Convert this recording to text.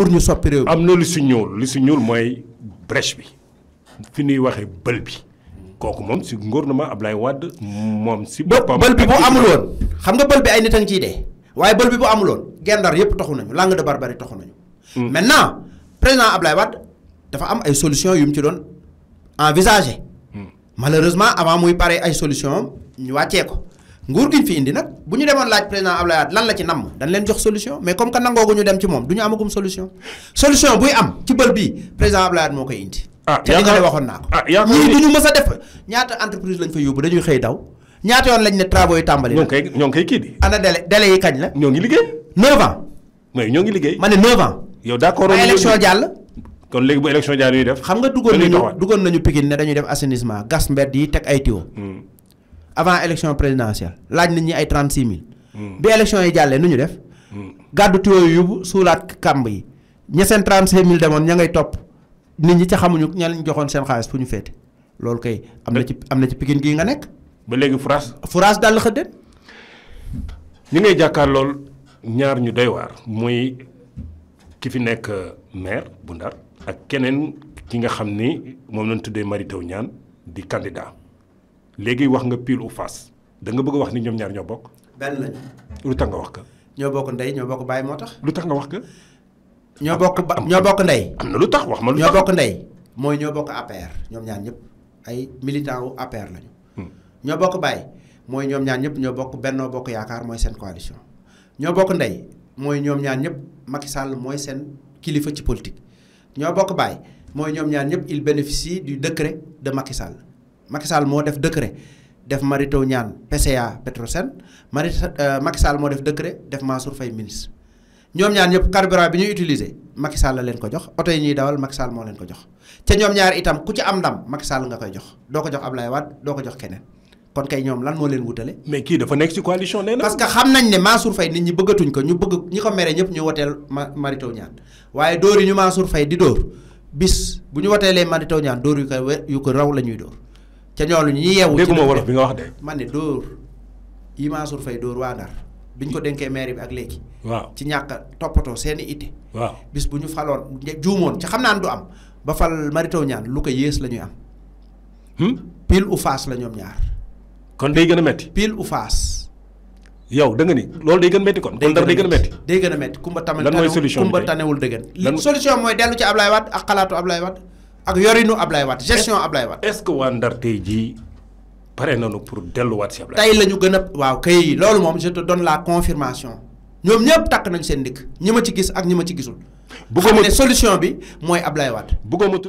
pour ñu soppi réew am na lu si ñuul lu si ñuul mooy brèche bi fi ñuy waxee bël bi kooku mom si gouvernement Ablaye wad mom si bopam bël bi bu amul woon xam nga bël bi ay nit ci dé waye dee bël bi bu amul woon gendar yépp taxu nañu langue de barbarie taxu nañu hmm. maintenant président Ablaye wad dafa am ay solution yu mu ci doon envisager hmm. malheureusement avant muy paré ay solution ñu wàccee ko nguur gi ñu fi indi nag bu ñu demoon laaj président Abdoulaye Wade lan la ci namm dañ leen jox solution mais comme que nangoogu ñu dem ci moom du ñu amagum solution solution buy am ci bël bii président Abdoulaye Wade moo koy indi. ah yaakaar ah, def ñaata entreprise lañ fa yóbbu dañuy xëy daw ñaata yoon lañ ne travaux yi tàmbali. ñoo ngi koy ñoo ngi koy kii di. ana délai délai yi kañ la. ñoo ngi liggéey. 9 ans. ñoo ngi liggéey. ma ne 9 ans. yow d'accord ma élection jàll. kon léegi bu élection jàll ñuy def. avant élection présidentielle laaj nañ ñi ay 36000 hmm. bi élection yi jàllee nu ñu def hmm. gàddu yu yóbbu suulaat kàmb yi ña seen 36000 demoon ña ngay topp nit ñi ca xamuñu ña lañ joxoon seen xaalis fu ñu féete loolu kay am na ci am na ci pikin gi nga nekk ba léegi France France dal xëddeen ñi ngay jàkkaar lool ñaar ñu doy waar muy ki fi nekk euh, maire bu ndar ak keneen ki nga xam ni moom lañ tuddee maritaw ñaan di candidat léegi wax nga pile ou face da nga bëgg wax ni ñoom ñaar ñoo bokk. benn lañ. lu tax nga wax ka. ñoo bokk ndey ñoo bokk baay moo tax. lu tax nga wax ka. ñoo bokk ba ñoo bokk ndey. am na lu tax wax ma lu bokk ndey. mooy ñoo bokk APR ñoom ñaan ñëpp ay militant wu APR lañu. Hmm. ñoo bokk baay mooy ñoom ñaar ñëpp ñoo bokk Benno Bokk Yaakaar mooy seen coalition. ñoo bokk ndey mooy ñoom ñaar ñëpp Macky Sall mooy seen kilifa ci politique. ñoo bokk baay mooy ñoom ñaan ñëpp il bénéficie du décret de Macky Sall. Macky moo def décret def Mary ñaan Niane PCA Petrosen Mary euh, Macky Sall moo def décret def Mansour Faye ministre ñoom ñaar ñëpp carburant bi ñuy utiliser Macky Sall la leen ko jox oto yi ñuy dawal Macky Sall moo leen ko jox te ñoom ñaari itam ku ci am ndam Macky Sall nga koy jox doo ko jox Ablaye Wade doo ko jox keneen kon kay ñoom lan moo leen wutale. mais kii dafa nekk ci coalition nee na. parce que xam nañ ne Mansour Faye nit ñi bëggatuñ ko ñu bëgg ñi ko mere ñëpp ñu woteel Mary Teuw Niane waaye dóor yi ñu Mansour Faye di dóor bis bu ñu woteelee Mary Teuw Niane yu ko raw la ñuy dóor. ca ñooñu ñi yewu ci dégguma wolof bi nga wax de man ni door yi sur fay door waa Ndar biñ ko denké maire bi ak légui waaw ci ñàkk topato seen ité waaw bis buñu falon faloon ci xamnaan du am ba fal marito ñaan lu ko yees la am hmm pile ou face la ñom ñaar kon day gëna metti pile ou face yow da nga ni lolou day gën metti kon kon dara day gën metti day gën metti kumba tamel kumba tanewul dëggan solution moy delu ci Ablaye wad ak xalaatu Ablaye wad ak yorinu Ablaye wat gestion Ablaye wat est-ce que waa Ndar tey jii nañu pour delluwaat si Ablaye. tay lañu gëna waaw kay loolu mom je te donne la confirmation ñom ñepp tak nañ sen dik ñima ci gis ak ñima ci gisul. bu ko ne solution bi moy Ablaye wat Wade. bëgguma